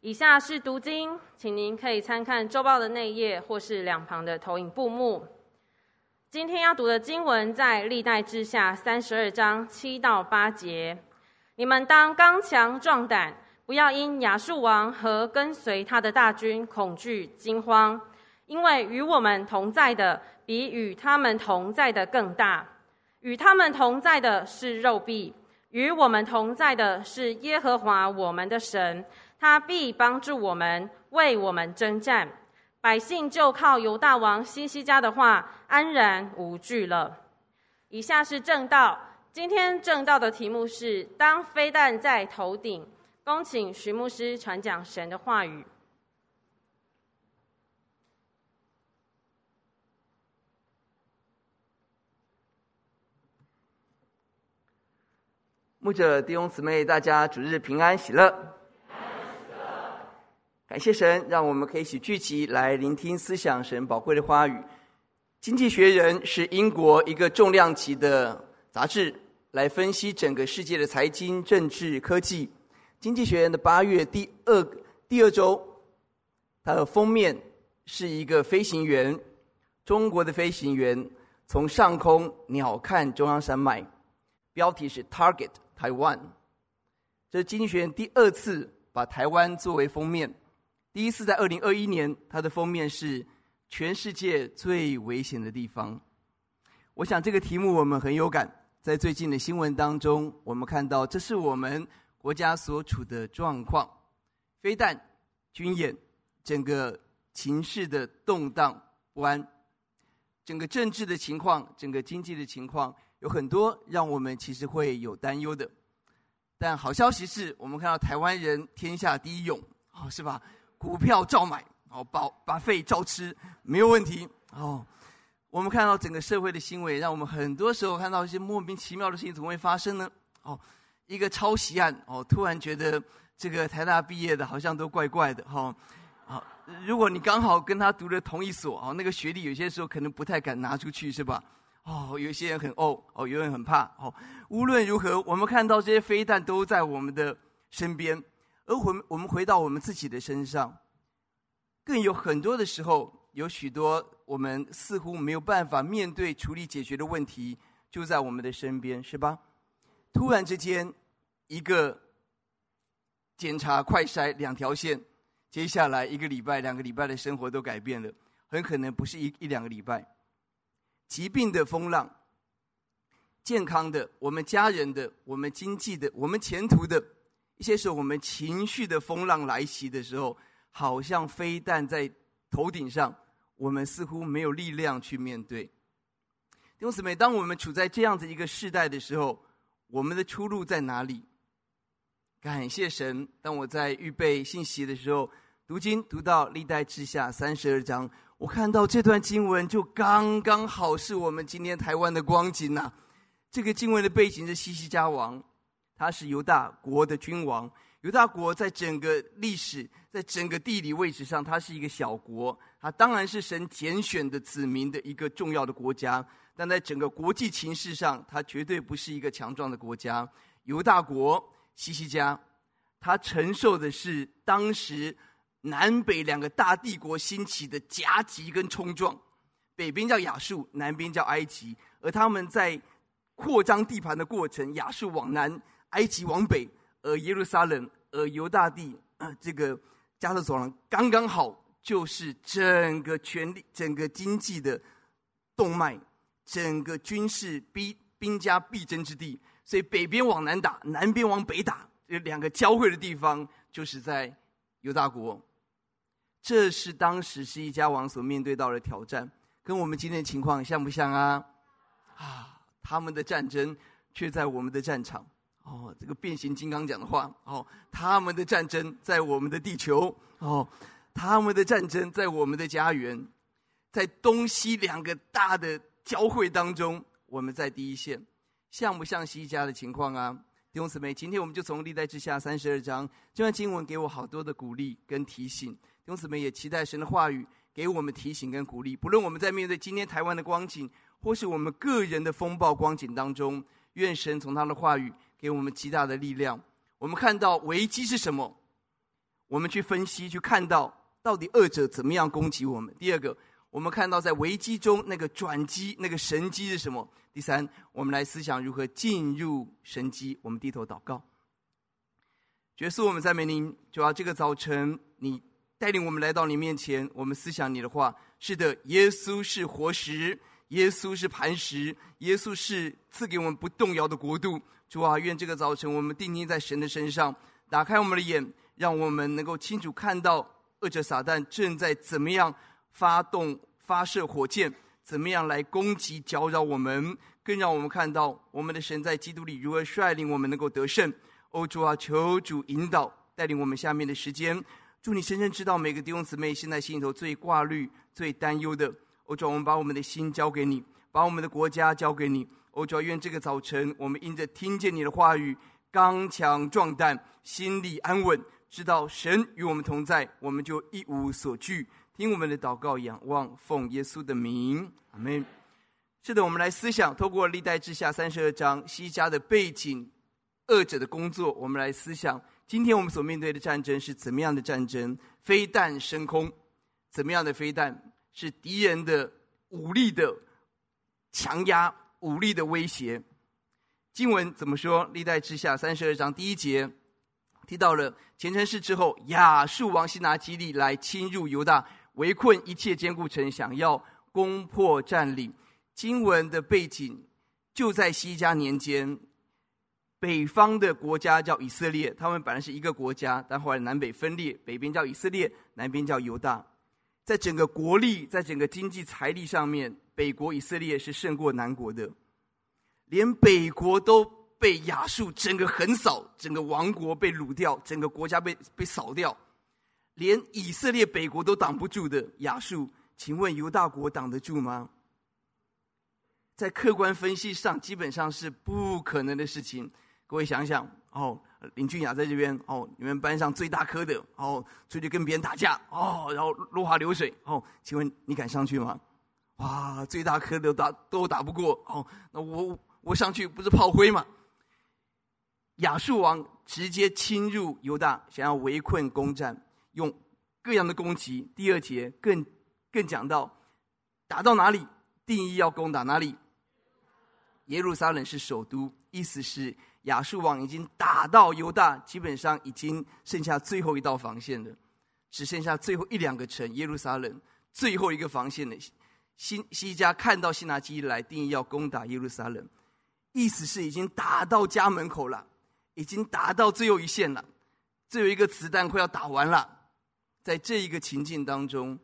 以下是讀經，請您可以參看周報的內頁，或是兩旁的投影布幕。今天要讀的經文在歷代志下三十二章七到八節。你們當剛強壯膽，不要因亞述王和跟隨他的大軍恐懼驚慌，因為與我們同在的比與他們同在的更大。與他們同在的是肉臂，與我們同在的是耶和華我們的神。他必幫助我們，為我們爭戰。百姓就靠猶大王希西家的話，安然無懼了。以下是正道，今天正道的題目是：當飛彈在頭頂，恭請徐牧師傳講神的話語。牧者弟兄姊妹，大家主日平安，喜樂。感謝神，讓我們可以一起聚集來聆聽思想神寶貴的話語。《經濟學人》是英國一個重量級的雜誌，來分析整個世界的財經、政治、科技。《經濟學人》的八月第二第二週，它的封面是一個飛行員，中國的飛行員從上空鳥瞰中央山脈，標題是 “Target 台灣”。這是《經濟學人》第二次把台灣作為封面。第一次在二零二一年，它的封面是“全世界最危險的地方”。我想這個題目我們很有感。在最近的新聞當中，我們看到這是我們國家所處的狀況：飛彈、軍演，整個情勢的動盪不安，整個政治的情況，整個經濟的情況，有很多讓我們其實會有擔憂的。但好消息是我們看到台灣人天下第一勇，哦，是吧？股票照買，哦，Buffet 照吃，沒有問題。哦，我們看到整個社會的行為，讓我們很多時候看到一些莫名其妙的事情怎麼會發生呢？哦，一個抄襲案，哦，突然覺得這個台大畢業的好像都怪怪的，哈、哦。好、哦，如果你剛好跟他讀了同一所，哦，那個學歷有些時候可能不太敢拿出去，是吧？哦，有些人很哦哦，有人很怕。哦，無論如何，我們看到這些飛彈都在我們的身邊。而我們，我們回到我們自己的身上，更有很多的時候，有許多我們似乎沒有辦法面對、處理、解決的問題，就在我們的身邊，是吧？突然之間，一個檢查、快篩兩條線，接下來一個禮拜、兩個禮拜的生活都改變了，很可能不是一、一兩個禮拜，疾病的風浪、健康的、我們家人的、我們經濟的、我們前途的。一些時候我們情緒的風浪來襲的時候，好像飛彈在頭頂上，我們似乎沒有力量去面對。因此，每當我們處在這樣子一個世代的時候，我們的出路在哪裡？感謝神！當我在預備信息的時候，讀經讀到《歷代志下》三十二章，我看到這段經文就剛剛好是我們今天台灣的光景吶、啊。這個經文的背景是希西家王。他是猶大國的君王，猶大國在整個歷史、在整個地理位置上，他是一個小國。他當然是神揀選的子民的一個重要的國家，但在整個國際情勢上，他絕對不是一個強壯的國家。猶大國希西家，他承受的是當時南北兩個大帝國興起的夾擊跟衝撞。北邊叫亞述，南邊叫埃及，而他們在擴張地盤的過程，亞述往南。埃及往北，而、呃、耶路撒冷，而、呃、猶大地呃，這個加薩走廊剛剛好就是整個權力、整個經濟的動脈，整個軍事必，兵家必爭之地。所以北邊往南打，南邊往北打，這兩個交匯的地方就是在猶大國。這是當時希西家王所面對到的挑戰，跟我們今天的情況像不像啊？啊，他們的戰爭卻在我們的戰場。哦，這個變形金剛講的話哦，他們的戰爭在我們的地球哦，他們的戰爭在我們的家園，在東西兩個大的交匯當中，我們在第一線，像不像希西家的情況啊？弟兄姊妹，今天我們就從歷代志下三十二章這段經文，給我好多的鼓勵跟提醒。弟兄姊妹也期待神的話語給我們提醒跟鼓勵，不論我們在面對今天台灣的光景，或是我們個人的風暴光景當中，願神從他的話語。給我們極大的力量。我們看到危機是什麼？我們去分析，去看到到底惡者怎麼樣攻擊我們？第二個，我們看到在危機中那個轉機、那個神機是什麼？第三，我們來思想如何進入神機。我們低頭禱告，耶穌，我們在美寧，主要這個早晨你帶領我們來到你面前，我們思想你的話。是的，耶穌是活石，耶穌是磐石，耶穌是賜給我們不動搖的國度。主啊，願這個早晨我們定睛在神的身上，打開我們的眼，讓我們能夠清楚看到惡者撒旦正在怎麼樣發動、發射火箭，怎麼樣來攻擊、攪擾我們。更讓我們看到我們的神在基督裡如何率領我們能夠得勝。哦，主啊，求主引導、帶領我們下面的時間。祝你深深知道每個弟兄姊妹現在心裡頭最掛慮、最擔憂的。哦，主啊，我們把我們的心交給你，把我們的國家交給你。我、哦、主要願這個早晨，我們因着聽見你的話語，剛強壯膽，心裡安穩，知道神與我們同在，我們就一無所懼。聽我們的禱告，仰望奉耶穌的名，阿們。是的，我們來思想，透過歷代志下三十二章西家的背景，惡者的工作，我們來思想，今天我們所面對的戰爭是怎麼樣的戰爭？飛彈升空，怎麼樣的飛彈？是敵人的武力的強壓。武力的威脅。經文怎麼說？歷代志下三十二章第一節提到了虔誠事之後，亞述王西拿基立來侵入猶大，圍困一切堅固城，想要攻破占領。經文的背景就在希西家年間，北方的國家叫以色列，他們本來是一個國家，但後來南北分裂，北邊叫以色列，南邊叫猶大。在整個國力，在整個經濟財力上面，北國以色列是勝過南國的。連北國都被亞述整個橫掃，整個王國被擄掉，整個國家被被掃掉，連以色列北國都擋不住的亞述，請問猶大國擋得住嗎？在客觀分析上，基本上是不可能的事情。各位想想哦。林俊雅在這邊哦，你們班上最大個的哦，出去跟別人打架哦，然後落，落花流水哦，請問你敢上去嗎？哇，最大個的都打都打不過哦，那我我上去不是炮灰嗎？亞述王直接侵入猶大，想要圍困攻占，用各樣的攻擊。第二節更更講到打到哪裡，定意要攻打哪裡。耶路撒冷是首都，意思是。亞述王已經打到猶大，基本上已經剩下最後一道防線了，只剩下最後一兩個城——耶路撒冷，最後一個防線了。希西家看到西拿基立，定意要攻打耶路撒冷，意思是已經打到家門口了，已經打到最後一線了，最後一個子彈快要打完了。在這一個情境當中，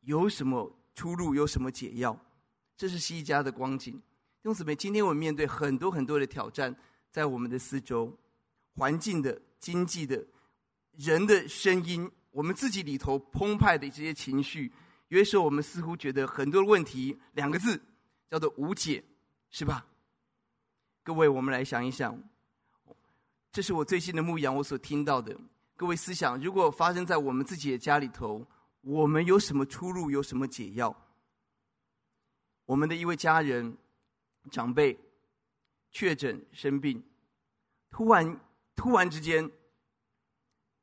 有什麼出路？有什麼解藥？這是希西家的光景。弟兄姊妹，今天我們面對很多很多的挑戰。在我們的四周，環境的、經濟的、人的聲音，我們自己裡頭澎湃的這些情緒，有的時候我們似乎覺得很多問題，兩個字叫做無解，是吧？各位，我們來想一想，這是我最近的牧養，我所聽到的。各位思想，如果發生在我們自己的家裡頭，我們有什麼出路？有什麼解藥？我們的一位家人、長輩。確診生病，突然突然之間，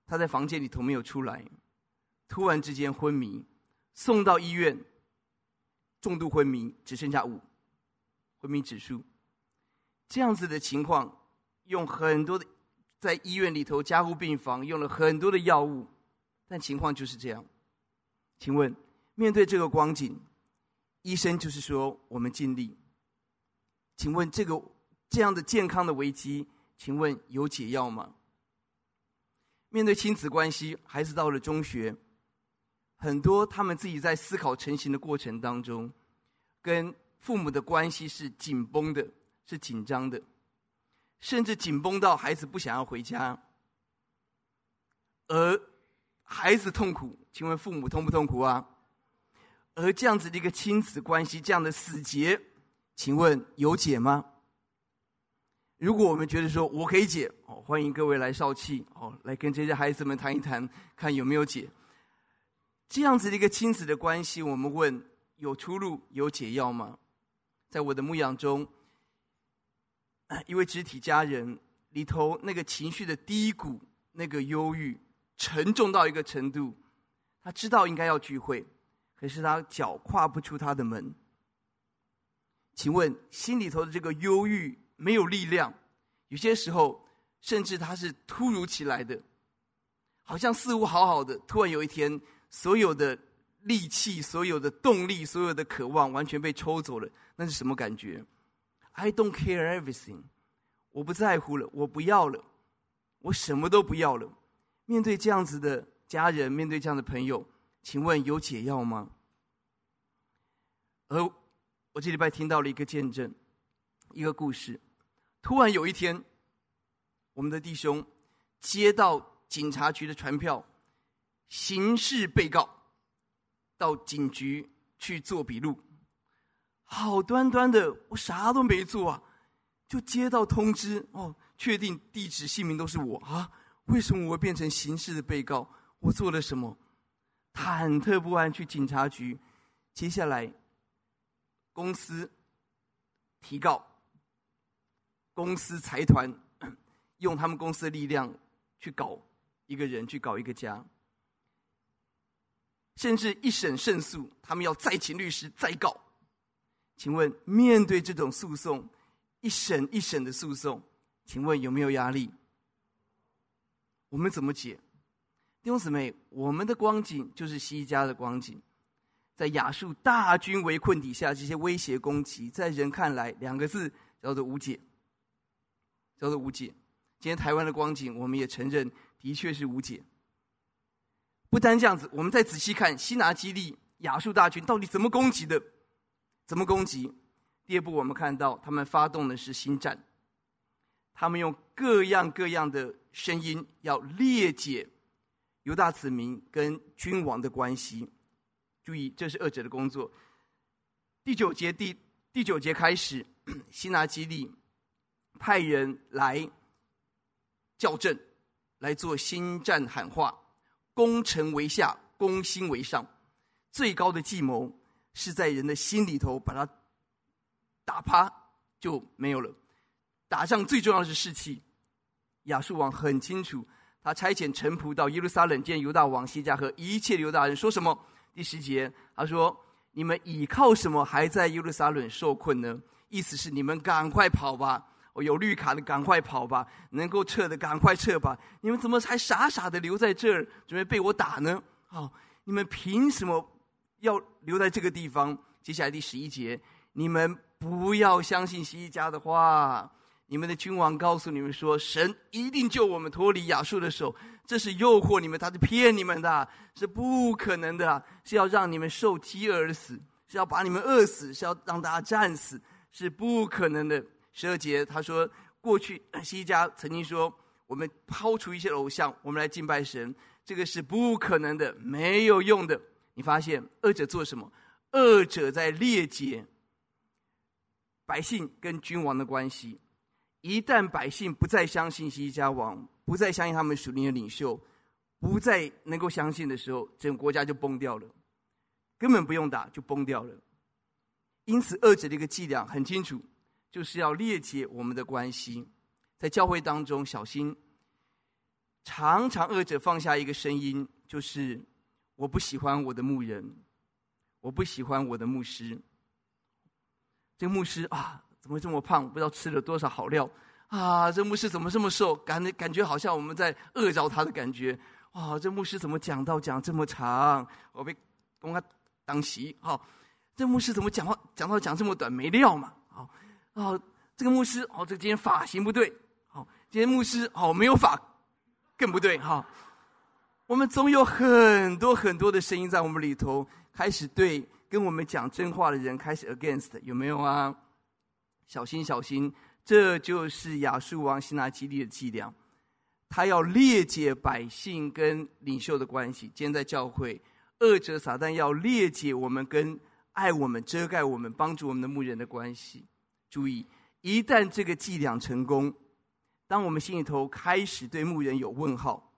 他在房間裡頭沒有出來，突然之間昏迷，送到醫院，重度昏迷，只剩下五，昏迷指數，這樣子的情況，用很多的在醫院裡頭加護病房用了很多的藥物，但情況就是這樣。請問，面對這個光景，醫生就是說我們盡力。請問這個。這樣的健康的危機，請問有解藥嗎？面對親子關係，孩子到了中學，很多他們自己在思考成型的過程當中，跟父母的關係是緊繃的，是緊張的，甚至緊繃到孩子不想要回家。而孩子痛苦，請問父母痛不痛苦啊？而這樣子的一個親子關係，這樣的死結，請問有解嗎？如果我們覺得說我可以解，哦，歡迎各位來少氣，哦，來跟這些孩子們談一談，看有沒有解。這樣子的一個親子的關係，我們問有出路、有解藥嗎？在我的牧養中，一位肢體家人裡頭那個情緒的低谷，那個憂鬱沉重到一個程度，他知道應該要聚會，可是他腳跨不出他的門。請問心裡頭的這個憂鬱。沒有力量，有些時候甚至它是突如其來的，好像似乎好好的，突然有一天，所有的力氣、所有的動力、所有的渴望，完全被抽走了，那是什麼感覺？I don't care everything，我不在乎了，我不要了，我什麼都不要了。面對這樣子的家人，面對這樣的朋友，請問有解藥嗎？而我這禮拜聽到了一個見證。一個故事，突然有一天，我們的弟兄接到警察局的傳票，刑事被告，到警局去做筆錄。好端端的，我啥都沒做啊，就接到通知哦，確定地址、姓名都是我啊，為什麼我會變成刑事的被告？我做了什麼？忐忑不安去警察局，接下來公司提告。公司財團用他們公司的力量去搞一個人，去搞一個家，甚至一審勝訴，他們要再請律師再告。請問，面對這種訴訟，一審一審的訴訟，請問有沒有壓力？我們怎麼解？弟兄姊妹，我們的光景就是西家的光景，在亞述大軍圍困底下，這些威脅攻擊，在人看來，兩個字叫做無解。都是無解。今天台灣的光景，我們也承認的確是無解。不單這樣子，我們再仔細看西拿基立，亞述大軍到底怎麼攻擊的，怎麼攻擊？第二步，我們看到他們發動的是心戰，他們用各樣各樣的聲音要裂解猶大子民跟君王的關係。注意，這是惡者的工作。第九節第，第九節開始，西拿基立。派人來叫陣，來做心戰喊話，攻城為下，攻心為上。最高的計謀是在人的心裡頭把他打趴就沒有了。打仗最重要的是士氣。亞述王很清楚，他差遣臣僕到耶路撒冷見猶大王西家和一切猶大人說什麼？第十節他說：“你們倚靠什麼還在耶路撒冷受困呢？”意思是你們趕快跑吧。有綠卡的趕快跑吧！能夠撤的趕快撤吧！你們怎麼還傻傻的留在這兒，準備被我打呢？好，你們憑什麼要留在這個地方？接下來第十一節，你們不要相信希西家的話。你們的君王告訴你們說，神一定救我們脫離亞述的手，這是誘惑你們，他是騙你們的，是不可能的，是要讓你們受饑餓而死，是要把你們餓死，是要讓大家戰死，是不可能的。十二節，他說：“過去希西家曾經說，我們拋除一些偶像，我們來敬拜神，這個是不可能的，沒有用的。你發現，惡者做什麼？惡者在裂解百姓跟君王的關係。一旦百姓不再相信希西家王，不再相信他們屬靈的領袖，不再能夠相信的時候，整個國家就崩掉了，根本不用打就崩掉了。因此，惡者的一個伎倆很清楚。”就是要裂解我們的關係。在教會當中，小心常常惡者放下一個聲音，就是我不喜歡我的牧人，我不喜歡我的牧師。這牧師啊，怎麼會這麼胖？不知道吃了多少好料啊！這牧師怎麼這麼瘦？感感覺好像我們在餓着他的感覺。哇！這牧師怎麼講到講這麼長？我被幫他當席哈。這牧師怎麼講話講到講這麼短？沒料嘛。哦，這個牧師哦，這個、今天髮型不對。好、哦，今天牧師哦，沒有髮，更不對。哈、哦，我們總有很多很多的聲音在我們裡頭，開始對跟我們講真話的人開始 against，有沒有啊？小心，小心，這就是亞述王西拿基立的伎倆，他要裂解百姓跟領袖的關係；今天在教會，惡者撒旦要裂解我們跟愛我們、遮蓋我們、幫助我們的牧人的關係。注意，一旦這個伎倆成功，當我們心裡頭開始對牧人有問號，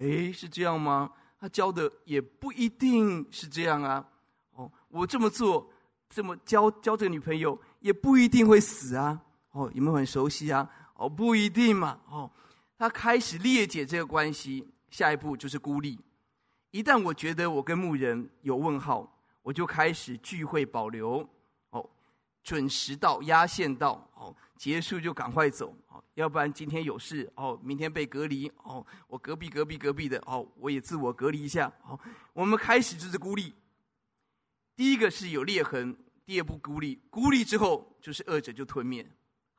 哎，是這樣嗎？他教的也不一定是這樣啊。哦，我這麼做，這麼交交這個女朋友，也不一定會死啊。哦，你們很熟悉啊？哦，不一定嘛。哦，他開始裂解這個關係，下一步就是孤立。一旦我覺得我跟牧人有問號，我就開始聚會保留。準時到，壓線到，哦，結束就趕快走，哦，要不然今天有事，哦，明天被隔離，哦，我隔壁隔壁隔壁的，哦，我也自我隔離一下，哦，我們開始就是孤立。第一個是有裂痕，第二步孤立，孤立之後就是惡者就吞滅。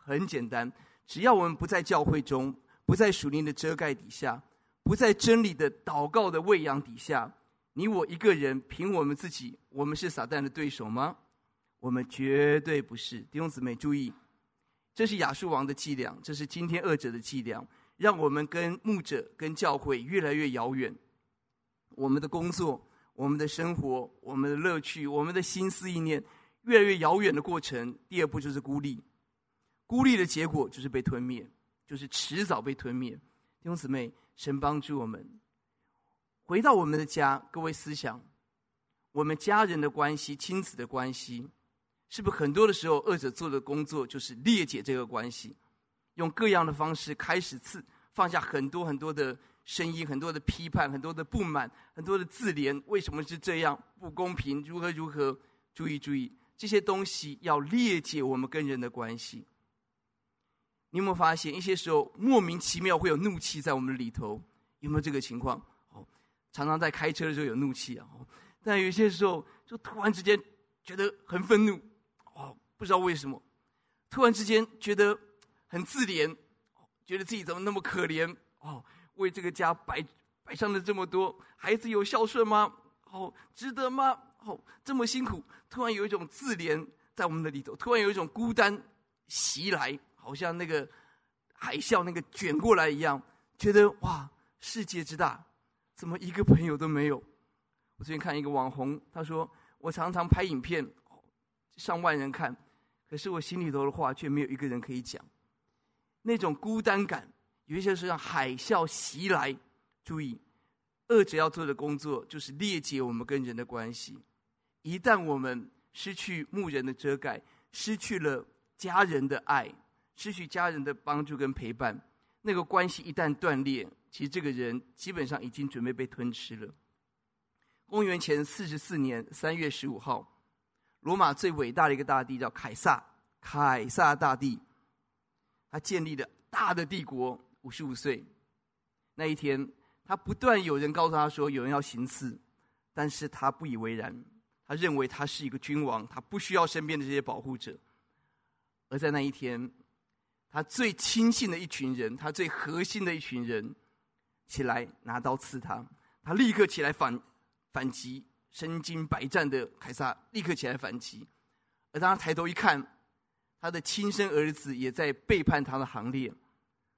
很簡單，只要我們不在教會中，不在屬靈的遮蓋底下，不在真理的禱告的餵養底下，你我一個人憑我們自己，我們是撒旦的對手嗎？我們絕對不是，弟兄姊妹，注意，這是亞述王的伎倆，這是今天惡者的伎倆，讓我們跟牧者、跟教會越來越遙遠。我們的工作、我們的生活、我們的樂趣、我們的心思意念，越來越遙遠的過程。第二步就是孤立，孤立的結果就是被吞滅，就是遲早被吞滅。弟兄姊妹，神幫助我們。回到我們的家，各位思想，我們家人的關係、親子的關係。是不是很多的時候，惡者做的工作就是裂解這個關係，用各樣的方式開始刺，放下很多很多的聲音，很多的批判，很多的不滿，很多的自憐。為什麼是這樣？不公平，如何如何？注意注意，這些東西要裂解我們跟人的關係。你有沒有發現，一些時候莫名其妙會有怒氣在我們裡頭？有沒有這個情況？哦，常常在開車的時候有怒氣啊。哦，但有些時候，就突然之間覺得很憤怒。不知道為什麼，突然之間覺得很自憐，哦，覺得自己怎麼那麼可憐哦？為這個家擺擺上了這麼多，孩子有孝順嗎？哦，值得嗎？哦，這麼辛苦，突然有一種自憐在我們的裡頭，突然有一種孤單襲來，好像那個海嘯那個捲過來一樣，覺得哇，世界之大，怎麼一個朋友都沒有？我最近看一個網紅，他說我常常拍影片，哦，上萬人看。可是我心裡頭的話卻沒有一個人可以講，那種孤單感，有些是讓海嘯襲來。注意，惡者要做的工作就是裂解我們跟人的關係。一旦我們失去牧人的遮蓋，失去了家人的愛，失去家人的幫助跟陪伴，那個關係一旦斷裂，其實這個人基本上已經準備被吞吃了。公元前四十四年三月十五號。羅馬最偉大的一個大帝叫凱撒，凱撒大帝，他建立了大的帝國。五十五歲那一天，他不斷有人告訴他說有人要行刺，但是他不以為然，他認為他是一個君王，他不需要身邊的這些保護者。而在那一天，他最親信的一群人，他最核心的一群人，起來拿刀刺他，他立刻起來反反擊。身經百戰的凱撒立刻起來反擊，而當他抬頭一看，他的親生兒子也在背叛他的行列。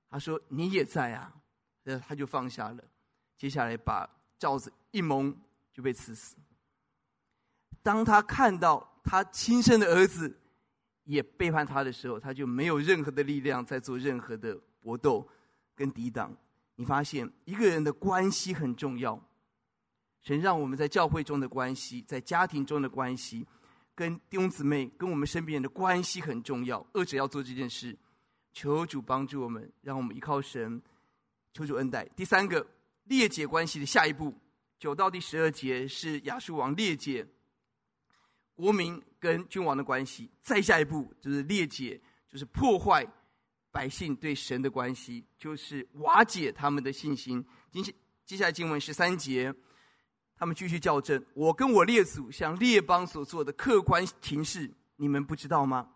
他說：“你也在啊！”他就放下了，接下來把罩子一蒙就被刺死。當他看到他親生的兒子也背叛他的時候，他就沒有任何的力量在做任何的搏鬥跟抵擋。你發現一個人的關係很重要。神讓我們在教會中的關係，在家庭中的關係，跟弟兄姊妹、跟我們身邊人的關係很重要。二者要做這件事，求主幫助我們，讓我們依靠神，求主恩待。第三個裂解關係的下一步，九到第十二節是亞述王裂解國民跟君王的關係。再下一步就是裂解，就是破壞百姓對神的關係，就是瓦解他們的信心。今接下來經文十三節。他們繼續校正我跟我列祖向列邦所做的客觀情勢，你們不知道嗎？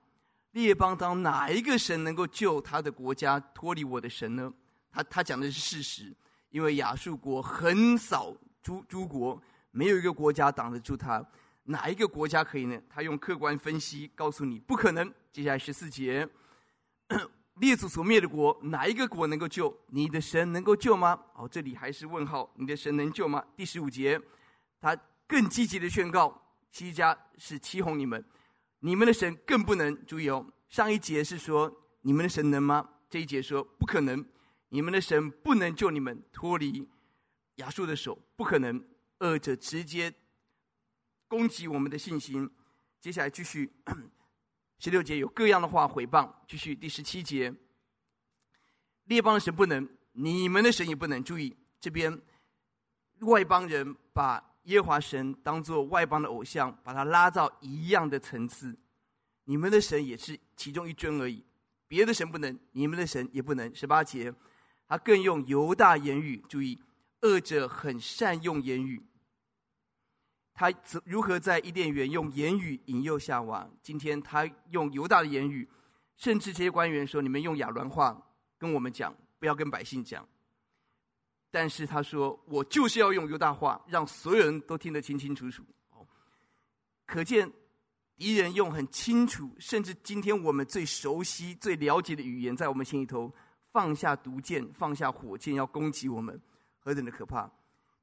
列邦當哪一個神能夠救他的國家脫離我的神呢？他他講的是事實，因為亞述國橫掃諸諸國，沒有一個國家擋得住他，哪一個國家可以呢？他用客觀分析告訴你不可能。接下來十四節，列祖所滅的國，哪一個國能夠救？你的神能夠救嗎？哦，這裡還是問號，你的神能救嗎？第十五節。他更積極的宣告希西家是欺哄你們，你們的神更不能，注意哦。上一節是說你們的神能嗎？這一節說不可能，你們的神不能救你們脫離亞述的手，不可能。二者直接攻擊我們的信心。接下來繼續，十六節有各樣的話毀謗。繼續第十七節，列邦的神不能，你們的神也不能。注意這邊外邦人把。耶華神當做外邦的偶像，把他拉到一樣的層次。你們的神也是其中一尊而已，別的神不能，你們的神也不能。十八節，他更用猶大言語。注意，惡者很善用言語。他如何在伊甸園用言語引誘夏娃？今天他用猶大的言語，甚至這些官員說：“你們用亞蘭話跟我們講，不要跟百姓講。”但是他說：“我就是要用猶大話，讓所有人都聽得清清楚楚。”哦，可見敵人用很清楚，甚至今天我們最熟悉、最了解的語言，在我們心裡頭放下毒箭、放下火箭，要攻擊我們，何等的可怕！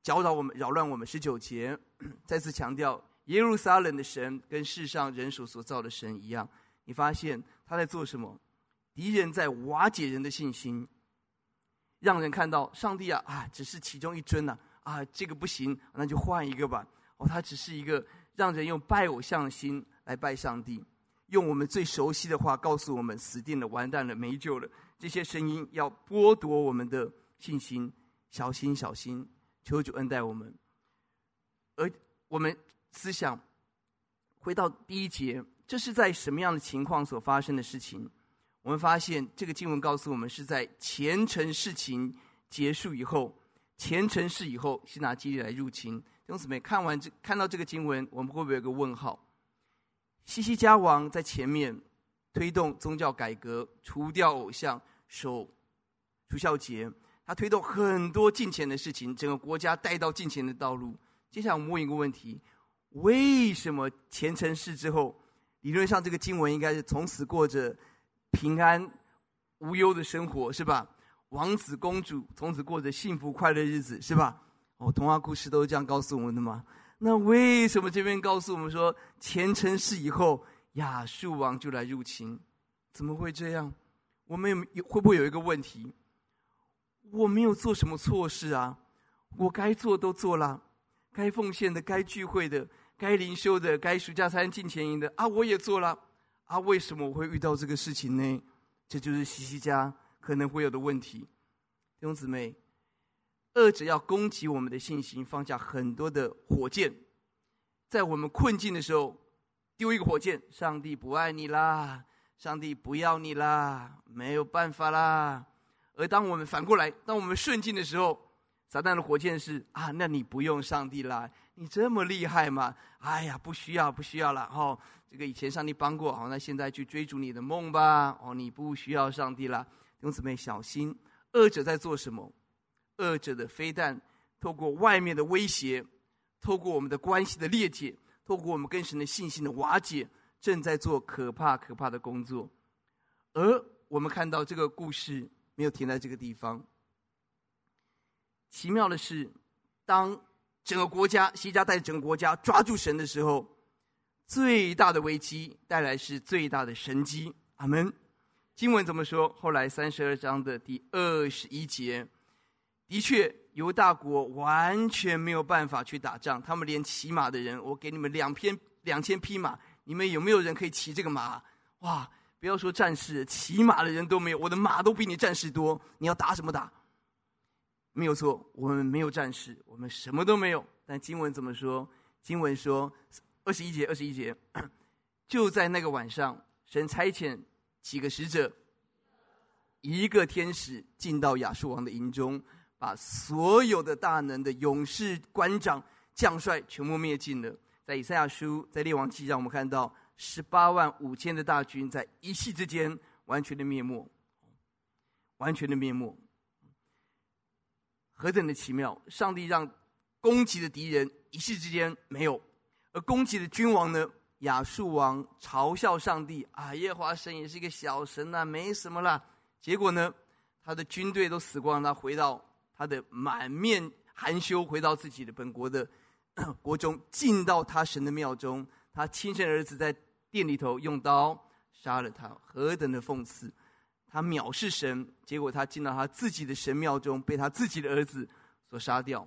攪擾我們、擾亂我們。十九節再次強調：耶路撒冷的神跟世上人所所造的神一樣。你發現他在做什麼？敵人在瓦解人的信心。讓人看到上帝啊啊，只是其中一尊吶啊，啊，這個不行，那就換一個吧。哦，他只是一個讓人用拜偶像的心來拜上帝，用我們最熟悉的話告訴我們：死定了，完蛋了，沒救了。這些聲音要剝奪我們的信心，小心，小心，求主恩待我們。而我們思想回到第一節，這是在什麼樣的情況所發生的事情？我們發現這個經文告訴我們，是在虔誠事情結束以後，虔誠事以後，西拿基立來入侵。弟兄姊妹，看完這看到這個經文，我們會不會有一個問號？西西家王在前面推動宗教改革，除掉偶像，守除酵節，他推動很多近前的事情，整個國家帶到近前的道路。接下來我們問一個問題：為什麼虔誠事之後，理論上這個經文應該是從此過着？平安無憂的生活是吧？王子公主從此過着幸福快樂日子是吧？哦，童話故事都是這樣告訴我們的嗎？那為什麼這邊告訴我們說，虔誠事以後，亞述王就來入侵？怎麼會這樣？我們有會不會有一個問題？我沒有做什麼錯事啊，我該做都做了，該奉獻的、該聚會的、該靈修的、該暑假三進前營的啊，我也做了。他、啊、為什麼我會遇到這個事情呢？這就是希西家可能會有的問題。弟兄姊妹，惡者要攻擊我們的信心，放下很多的火箭，在我們困境的時候丟一個火箭，上帝不愛你啦，上帝不要你啦，沒有辦法啦。而當我們反過來，當我們順境的時候，撒旦的火箭是啊，那你不用上帝啦，你這麼厲害嘛？哎呀，不需要，不需要了，吼、哦。這個以前上帝幫過，哦，那現在去追逐你的夢吧，哦，你不需要上帝了。弟兄姊妹，小心，惡者在做什麼？惡者的飛彈，透過外面的威脅，透過我們的關係的裂解，透過我們跟神的信心的瓦解，正在做可怕可怕的工作。而我們看到這個故事沒有停在這個地方。奇妙的是，當整個國家希西家帶着整個國家抓住神的時候。最大的危機帶來是最大的神蹟，阿門。經文怎麼說？後來三十二章的第二十一節，的確猶大國完全沒有辦法去打仗，他們連騎馬的人，我給你們兩千兩千匹馬，你們有沒有人可以騎這個馬？哇，不要說戰士，騎馬的人都沒有，我的馬都比你戰士多，你要打什麼打？沒有錯，我們沒有戰士，我們什麼都沒有。但經文怎麼說？經文說。二十一節，二十一節，就在那個晚上，神差遣幾個使者，一個天使進到亞述王的營中，把所有的大能的勇士、官長、將帥全部滅盡了。在以賽亞書在列王紀上，我們看到十八萬五千的大軍，在一夕之間完全的滅沒，完全的滅沒，何等的奇妙！上帝讓攻擊的敵人一夕之間沒有。而攻擊的君王呢，亞述王嘲笑上帝啊，耶和華神也是一個小神吶、啊，沒什麼啦，結果呢，他的軍隊都死光了，他回到他的滿面含羞，回到自己的本國的國中，進到他神的廟中，他親生兒子在殿裡頭用刀殺了他，何等的諷刺！他藐視神，結果他進到他自己的神廟中，被他自己的兒子所殺掉。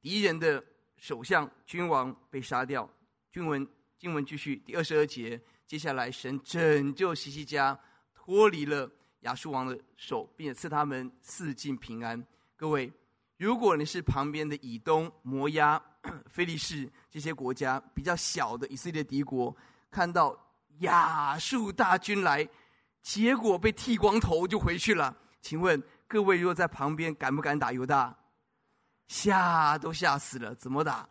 敵人的。首相君王被殺掉，君文經文繼續第二十二節。接下來神拯救希西家，脫離了亞述王的手，並且賜他們四境平安。各位，如果你是旁邊的以東、摩押、非利士這些國家比較小的以色列敵國，看到亞述大軍來，結果被剃光頭就回去了。請問各位，若在旁邊，敢不敢打猶大？嚇都嚇死了，怎麼打？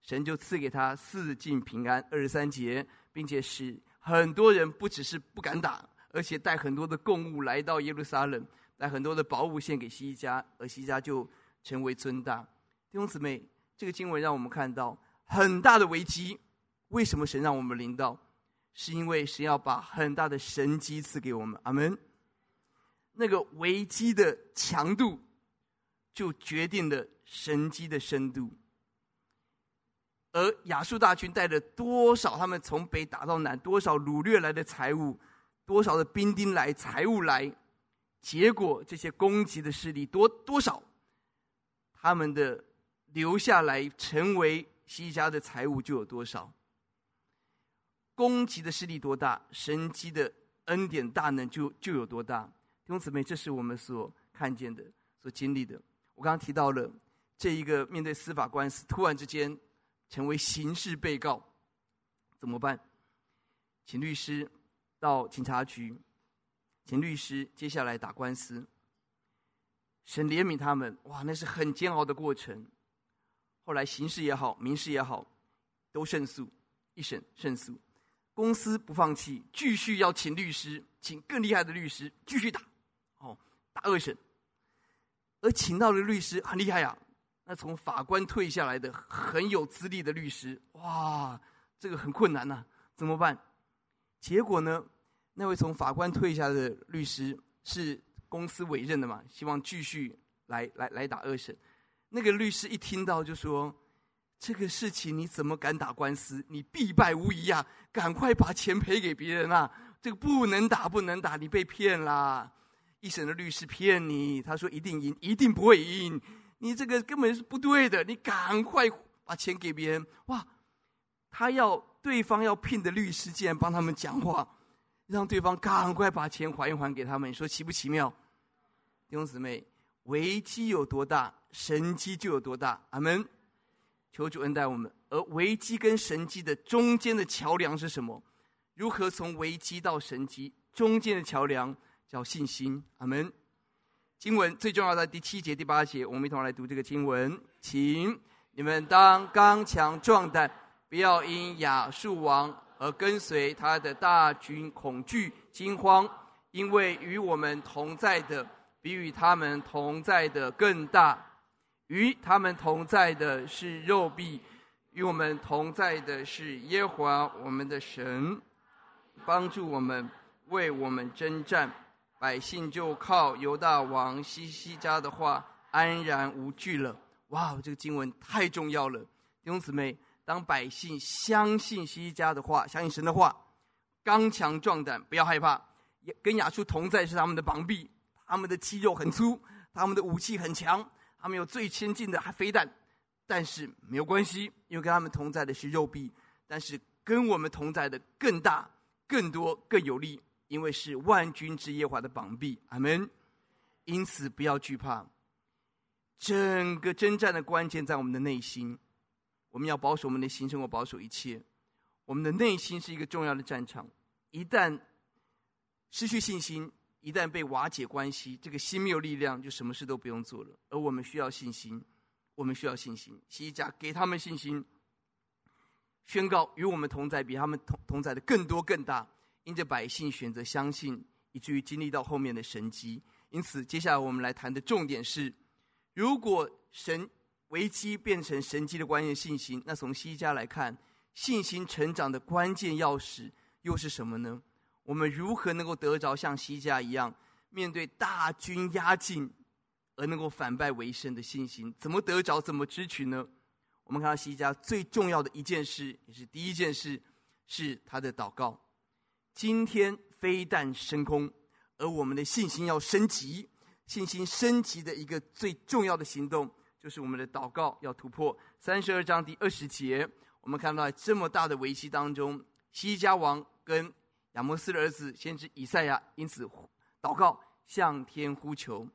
神就賜給他四境平安，二十三節，并且使很多人不只是不敢打，而且帶很多的供物來到耶路撒冷，帶很多的寶物獻給希西家，而希西家就成為尊大。弟兄姊妹，這個經文讓我們看到很大的危機。為什麼神讓我們臨到？是因為神要把很大的神蹟賜給我們。阿門。那個危機的強度，就決定了。神蹟的深度，而亞述大軍帶着多少？他們從北打到南，多少擄掠來的財物，多少的兵丁來財物來？結果這些攻擊的勢力多多少？他們的留下來成為西家的財物就有多少？攻擊的勢力多大，神蹟的恩典大能就就有多大？弟兄姊妹，這是我們所看見的、所經歷的。我剛剛提到了。這一個面對司法官司，突然之間成為刑事被告，怎麼辦？請律師到警察局，請律師接下來打官司。神憐憫他們，哇，那是很煎熬的過程。後來刑事也好，民事也好，都勝訴，一審勝訴。公司不放棄，繼續要請律師，請更厲害的律師繼續打，哦，打二審。而請到的律師很厲害啊。從法官退下來的很有資歷的律師，哇，這個很困難吶、啊，怎麼辦？結果呢，那位從法官退下的律師是公司委任的嘛，希望繼續來來來打二審。那個律師一聽到就說：“這個事情你怎麼敢打官司？你必敗無疑啊！趕快把錢賠給別人啊！這個不能打，不能打！你被騙啦！一審的律師騙你，他說一定贏，一定不會贏。”你這個根本是不對的，你趕快把錢給別人。哇，他要對方要聘的律師，竟然幫他們講話，讓對方趕快把錢還一還給他們。你說奇不奇妙？弟兄姊妹，危機有多大，神機就有多大。阿們。求主恩待我們。而危機跟神機的中間的橋梁是什麼？如何從危機到神機，中間的橋梁叫信心。阿們。經文最重要的第七節、第八節，我們一同來讀這個經文，請你們當剛強壯膽，不要因亞述王而跟隨他的大軍恐懼驚慌，因為與我們同在的，比與他們同在的更大。與他們同在的是肉臂，與我們同在的是耶和華我們的神，幫助我們，為我們爭戰。百姓就靠猶大王希西家的話安然無懼了。哇，這個經文太重要了，弟兄姊妹，當百姓相信希西家的話，相信神的話，剛強壯膽，不要害怕。跟亞述同在是他們的膀臂，他們的肌肉很粗，他們的武器很強，他們有最先進的飛彈。但是沒有關係，因為跟他們同在的是肉臂。但是跟我們同在的更大、更多、更有力。因為是萬軍之耶和華的膀臂，阿門。因此不要懼怕。整個爭戰的關鍵在我們的內心，我們要保守我們的心，勝，過保守一切。我們的內心是一個重要的戰場。一旦失去信心，一旦被瓦解關係，這個心沒有力量，就什麼事都不用做了。而我們需要信心，我們需要信心。希西家，給他們信心，宣告與我們同在，比他們同同在的更多更大。因着百姓選擇相信，以至於經歷到後面的神蹟，因此，接下來我們來談的重點是：如果神危機變成神蹟的關鍵信心，那從西家來看，信心成長的關鍵鑰匙又是什麼呢？我們如何能夠得着像西家一樣，面對大軍壓境而能夠反敗為勝的信心？怎麼得着？怎麼支取呢？我們看到西家最重要的一件事，也是第一件事，是他的禱告。今天飛彈升空，而我們的信心要升級。信心升級的一個最重要的行動，就是我們的禱告要突破。三十二章第二十節，我們看到這麼大的危機當中，希西家王跟亞摩斯的兒子先知以賽亞，因此禱告向天呼求。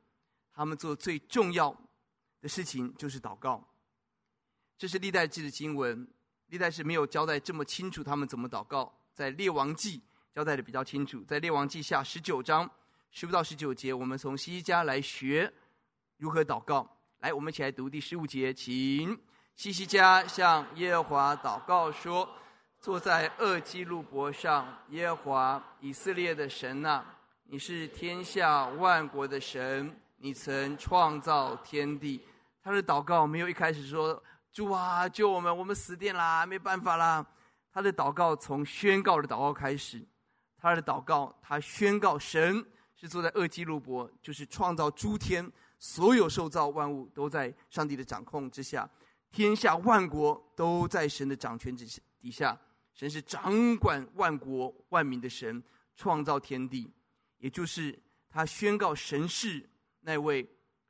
他們做最重要的事情就是禱告。這是歷代志的經文，歷代志沒有交代這麼清楚他們怎麼禱告，在列王紀。交代的比較清楚，在《列王紀下》十九章十五到十九節，我們從希西家來學如何禱告。來，我們一起來讀第十五節，請希西家向耶和華禱告說：“坐在二基路伯上，耶和華以色列的神吶、啊。你是天下萬國的神，你曾創造天地。”他的禱告沒有一開始說“主啊，救我們，我們死定了，沒辦法了。”他的禱告從宣告的禱告開始。他的禱告，他宣告神是坐在二基路伯，就是創造諸天，所有受造萬物都在上帝的掌控之下，天下萬國都在神的掌權之底下，神是掌管萬國萬民的神，創造天地，也就是他宣告神是那位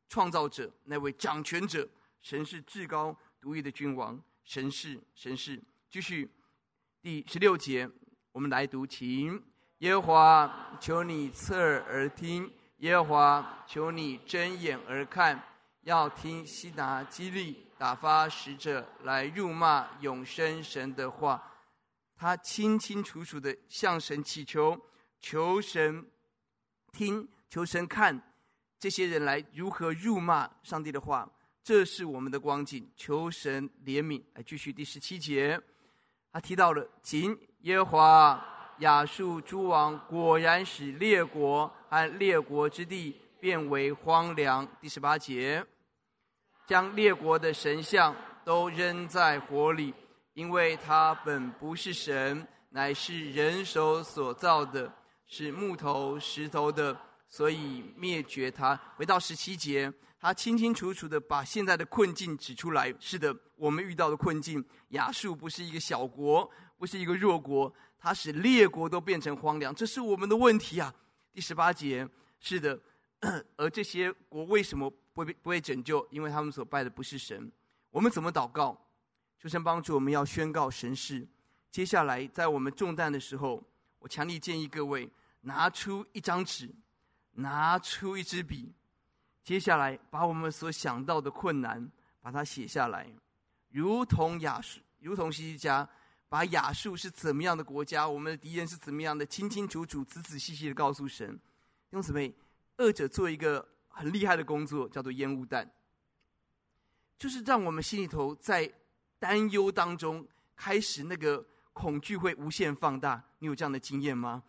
創造者，那位掌權者，神是至高獨一的君王，神是神是。繼續第十六節，我們來讀，請。耶和華，求你側耳而聽；耶和華，求你睜眼而看。要聽西拿基立打發使者來辱罵永生神的話，他清清楚楚地向神祈求，求神聽，求神看，這些人來如何辱罵上帝的話。這是我們的光景，求神憐憫。來繼續第十七節，他提到了今耶和華。亞述諸王果然使列國和列國之地變為荒涼。第十八節，將列國的神像都扔在火裡，因為他本不是神，乃是人手所造的，是木頭石頭的，所以滅絕他。回到十七節，他清清楚楚的把現在的困境指出來。是的，我們遇到的困境，亞述不是一個小國，不是一個弱國。它使列國都變成荒涼，這是我們的問題啊。第十八節，是的。而這些國為什麼不被不被拯救？因為他們所拜的不是神。我們怎麼禱告？主神幫助我們要宣告神是。接下來，在我們中彈的時候，我強烈建議各位拿出一張紙，拿出一支筆。接下來，把我們所想到的困難，把它寫下來，如同雅詩，如同希西家。把亞述是怎麼樣的國家，我們的敵人是怎麼樣的，清清楚楚、仔仔細細的告訴神，用什麼？惡者做一個很厲害的工作，叫做煙霧彈，就是讓我們心裡頭在擔憂當中，開始那個恐懼會無限放大。你有這樣的經驗嗎？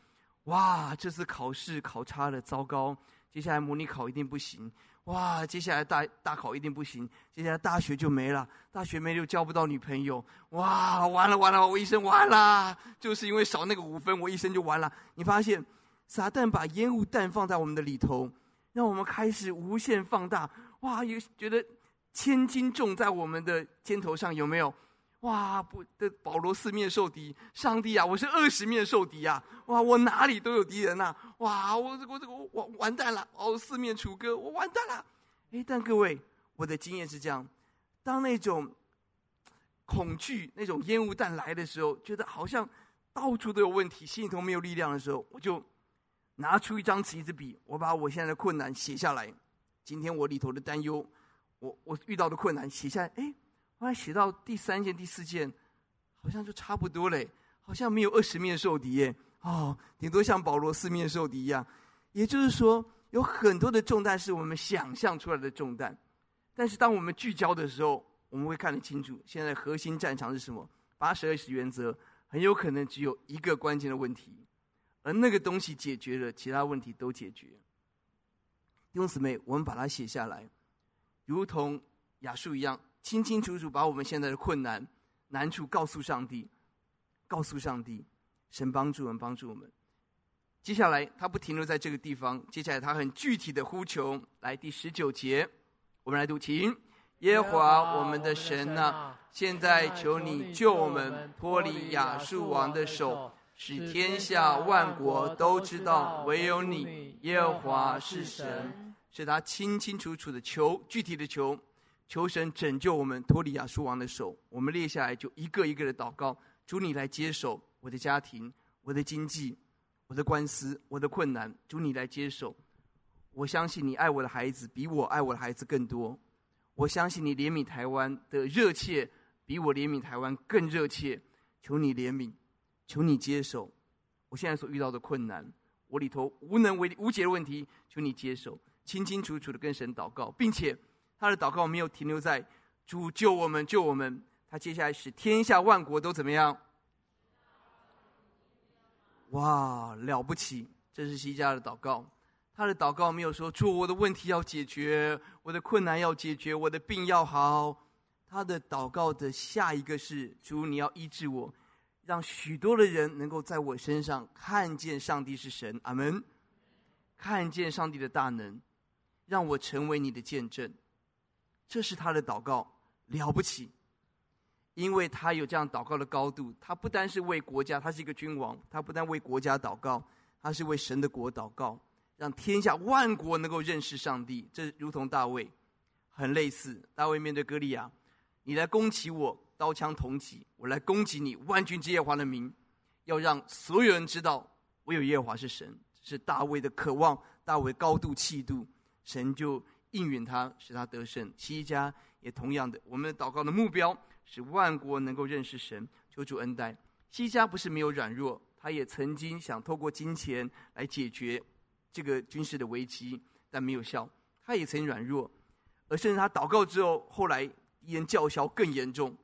哇，這次考試考差了，糟糕，接下來模擬考一定不行。哇！接下來大大考一定不行，接下來大學就沒了，大學沒就交不到女朋友，哇！完了完了，我一生完了，就是因為少那個五分，我一生就完了。你發現，撒旦把煙霧彈放在我們的裡頭，讓我們開始無限放大。哇，有覺得千斤重在我們的肩頭上，有沒有？哇，不，這保羅四面受敵，上帝啊，我是二十面受敵啊！哇，我哪裡都有敵人吶、啊！哇，我我我我完蛋了！哦，四面楚歌，我完蛋了！哎，但各位，我的經驗是這樣：當那種恐懼、那種煙霧彈來的時候，覺得好像到處都有問題，心裡頭沒有力量的時候，我就拿出一張紙、一支筆，我把我現在的困難寫下來。今天我裡頭的擔憂，我我遇到的困難寫下來，哎。後來寫到第三件、第四件，好像就差不多嘞，好像沒有二十面受敵耶，哦，頂多像保羅四面受敵一樣。也就是說，有很多的重擔是我們想象出來的重擔，但是當我們聚焦的時候，我們會看得清楚，現在核心戰場是什麼？八十二十原則很有可能只有一個關鍵的問題，而那個東西解決了，其他問題都解決。弟兄姊妹，我們把它寫下來，如同亞述一樣。清清楚楚把我們現在的困難、難處告訴上帝，告訴上帝，神幫助我們，幫助我們。接下來他不停留在這個地方，接下來他很具體的呼求。來第十九節，我們來讀經：耶和華我們的神吶、啊，現在求你救我們脫離亞述王的手，使天下萬國都知道唯有你耶和華是神。是他清清楚楚的求，具體的求。求神拯救我們脫離亞述王的手，我們列下來就一個一個的禱告。主，你來接手我的家庭、我的經濟、我的官司、我的困難。主，你來接手。我相信你愛我的孩子比我愛我的孩子更多。我相信你憐憫台灣的熱切比我憐憫台灣更熱切。求你憐憫，求你接受。我現在所遇到的困難，我裡頭無能為力、無解的問題，求你接受。清清楚楚的跟神禱告，並且。他的禱告沒有停留在“主救我們，救我們”，他接下來使天下萬國都怎麼樣？哇，了不起！這是希西家的禱告。他的禱告沒有說“主，我的問題要解決，我的困難要解決，我的病要好”。他的禱告的下一個是：“主，你要醫治我，讓許多的人能夠在我身上看見上帝是神。”阿門。看見上帝的大能，讓我成為你的見證。這是他的禱告，了不起，因為他有這樣禱告的高度。他不單是為國家，他是一個君王，他不但為國家禱告，他是為神的國禱告，讓天下萬國能夠認識上帝。這如同大衛，很類似。大衛面對哥利亞，你來攻擊我，刀槍銅戟；我來攻擊你，萬軍之耶和華的名，要讓所有人知道，唯有耶和華是神。是大衛的渴望，大衛高度氣度，神就。應允他，使他得勝。西家也同樣的，我們禱告的目標是萬國能夠認識神，求主恩待。西家不是沒有軟弱，他也曾經想透過金錢來解決這個軍事的危機，但沒有效。他也曾軟弱，而甚至他禱告之後，後來敵人叫囂更嚴重，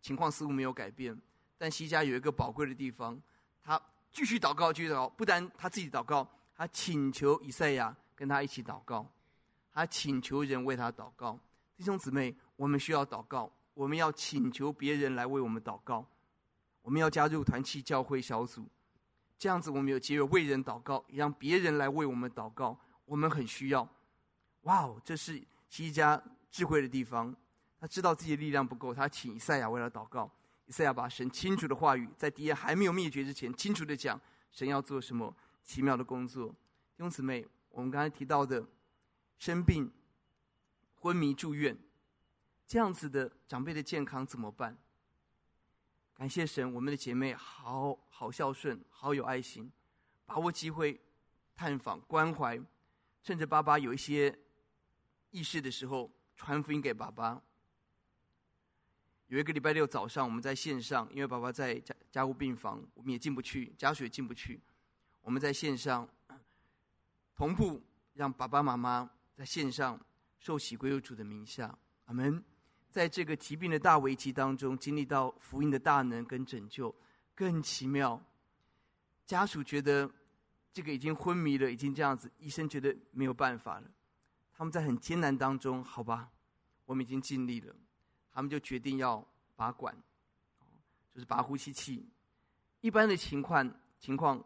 情況似乎沒有改變。但西家有一個寶貴的地方，他繼續禱告，繼續禱告，不但他自己禱告，他請求以賽亞跟他一起禱告。他請求人為他禱告，弟兄姊妹，我們需要禱告，我們要請求別人來為我們禱告，我們要加入團契教會小組，這樣子我們有機會為人禱告，也讓別人來為我們禱告，我們很需要。哇哦，這是希西家智慧的地方，他知道自己的力量不夠，他請以賽亞為他禱告，以賽亞把神清楚的話語，在敵人還沒有滅絕之前，清楚的講神要做什麼奇妙的工作。弟兄姊妹，我們剛才提到的。生病、昏迷、住院，這樣子的長輩的健康怎麼辦？感謝神，我們的姐妹好好孝順，好有愛心，把握機會探訪關懷，趁着爸爸有一些意識的時候，傳福音給爸爸。有一個禮拜六早上，我們在線上，因為爸爸在加護病房，我們也進不去，家屬也進不去，我們在線上同步讓爸爸媽媽。在線上受洗歸入主的名下，我們在這個疾病的大危機當中，經歷到福音的大能跟拯救，更奇妙，家屬覺得這個已經昏迷了，已經這樣子，醫生覺得沒有辦法了。他們在很艱難當中，好吧，我們已經盡力了。他們就決定要拔管，就是拔呼吸器。一般的情況情況，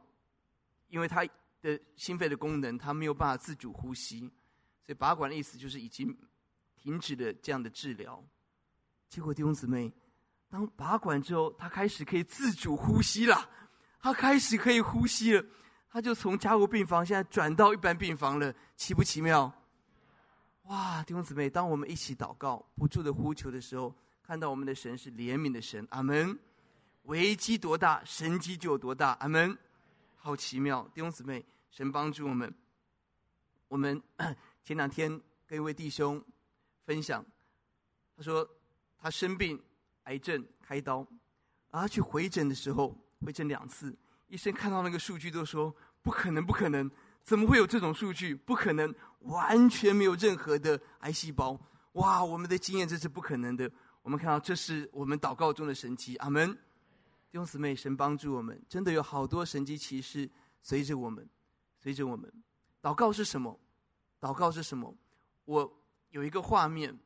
因為他的心肺的功能，他沒有辦法自主呼吸。對，拔管的意思就是已經停止了這樣的治療，結果弟兄姊妹，當拔管之後，他開始可以自主呼吸了，他開始可以呼吸了，他就從加護病房現在轉到一般病房了，奇不奇妙？哇！弟兄姊妹，當我們一起禱告、不住的呼求的時候，看到我們的神是憐憫的神，阿門。危機多大，神蹟就有多大，阿門。好奇妙，弟兄姊妹，神幫助我們，我們。前兩天跟一位弟兄分享，他說他生病，癌症開刀，啊去回診的時候回診兩次，醫生看到那個數據都說不可能不可能，怎麼會有這種數據？不可能，完全沒有任何的癌細胞。哇，我們的經驗，這是不可能的。我們看到這是我們禱告中的神蹟。阿門。弟兄姊妹，神幫助我們，真的有好多神蹟奇事隨着我們，隨着我們。禱告是什麼？禱告是什麼？我有一個畫面，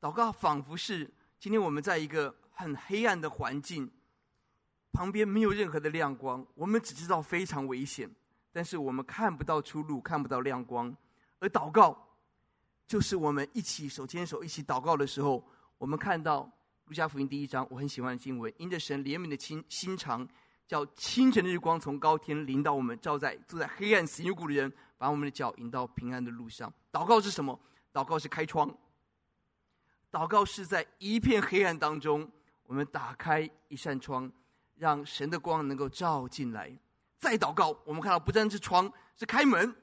禱告仿佛是今天我們在一個很黑暗的環境，旁邊沒有任何的亮光，我們只知道非常危險，但是我們看不到出路，看不到亮光。而禱告，就是我們一起手牽手一起禱告的時候，我們看到《路加福音》第一章，我很喜歡的經文，因着神憐憫的心心腸。叫清晨的日光從高天臨到我們，照在坐在黑暗死蔭谷的人，把我們的腳引到平安的路上。禱告是什麼？禱告是開窗。禱告是在一片黑暗當中，我們打開一扇窗，讓神的光能夠照進來。再禱告，我們看到不單是窗，是開門。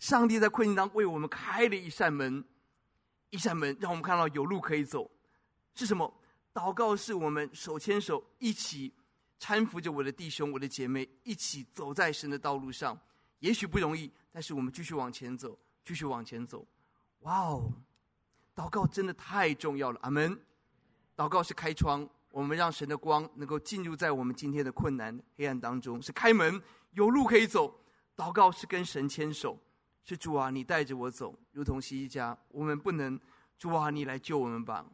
上帝在困境當中為我們開了一扇門，一扇門，讓我們看到有路可以走。是什麼？禱告是我們手牽手一起，攙扶着我的弟兄、我的姐妹，一起走在神的道路上。也許不容易，但是我們繼續往前走，繼續往前走。哇哦，禱告真的太重要了。阿門。禱告是開窗，我們讓神的光能夠進入在我們今天的困難黑暗當中；是開門，有路可以走。禱告是跟神牽手，是主啊，你帶着我走，如同希西家，我們不能。主啊，你來救我們吧。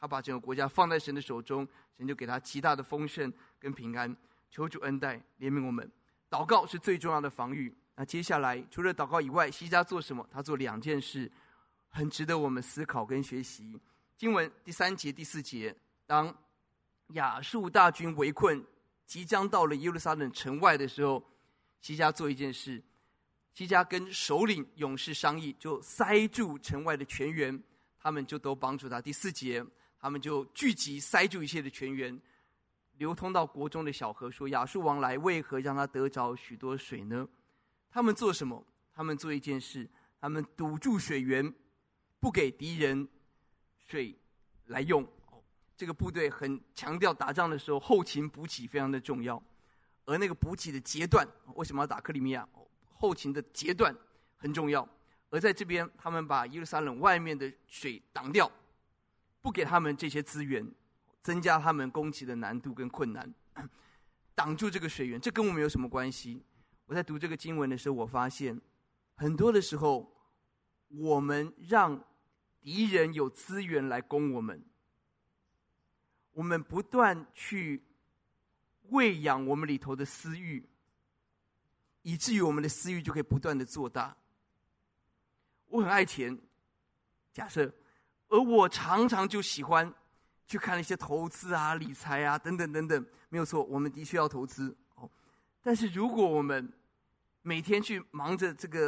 他把整個國家放在神的手中，神就給他極大的豐盛。跟平安，求主恩待憐憫我們。禱告是最重要的防禦。那接下來，除了禱告以外，希西家做什麼？他做兩件事，很值得我們思考跟學習。經文第三節、第四節，當亞述大軍圍困，即將到了耶路撒冷城外的時候，希西家做一件事。希西家跟首領勇士商議，就塞住城外的泉源，他們就都幫助他。第四節，他們就聚集塞住一切的泉源。流通到國中的小河說：“亞述王來，為何讓他得着許多水呢？他們做什麼？他們做一件事，他們堵住水源，不給敵人水來用。哦，這個部隊很強調打仗的時候後勤補給非常的重要，而那個補給的截斷，為什麼要打克里米亞？哦，後勤的截斷很重要。而在這邊，他們把耶路撒冷外面的水擋掉，不給他們這些資源。”增加他們攻擊的難度跟困難，擋住這個水源，這跟我們有什麼關係？我在讀這個經文的時候，我發現很多的時候，我們讓敵人有資源來攻我們，我們不斷去餵養我們裡頭的私欲，以至於我們的私欲就可以不斷的做大。我很愛錢，假設，而我常常就喜歡。去看那些投資啊、理財啊，等等等等，沒有錯，我們的確要投資哦。但是如果我們每天去忙着這個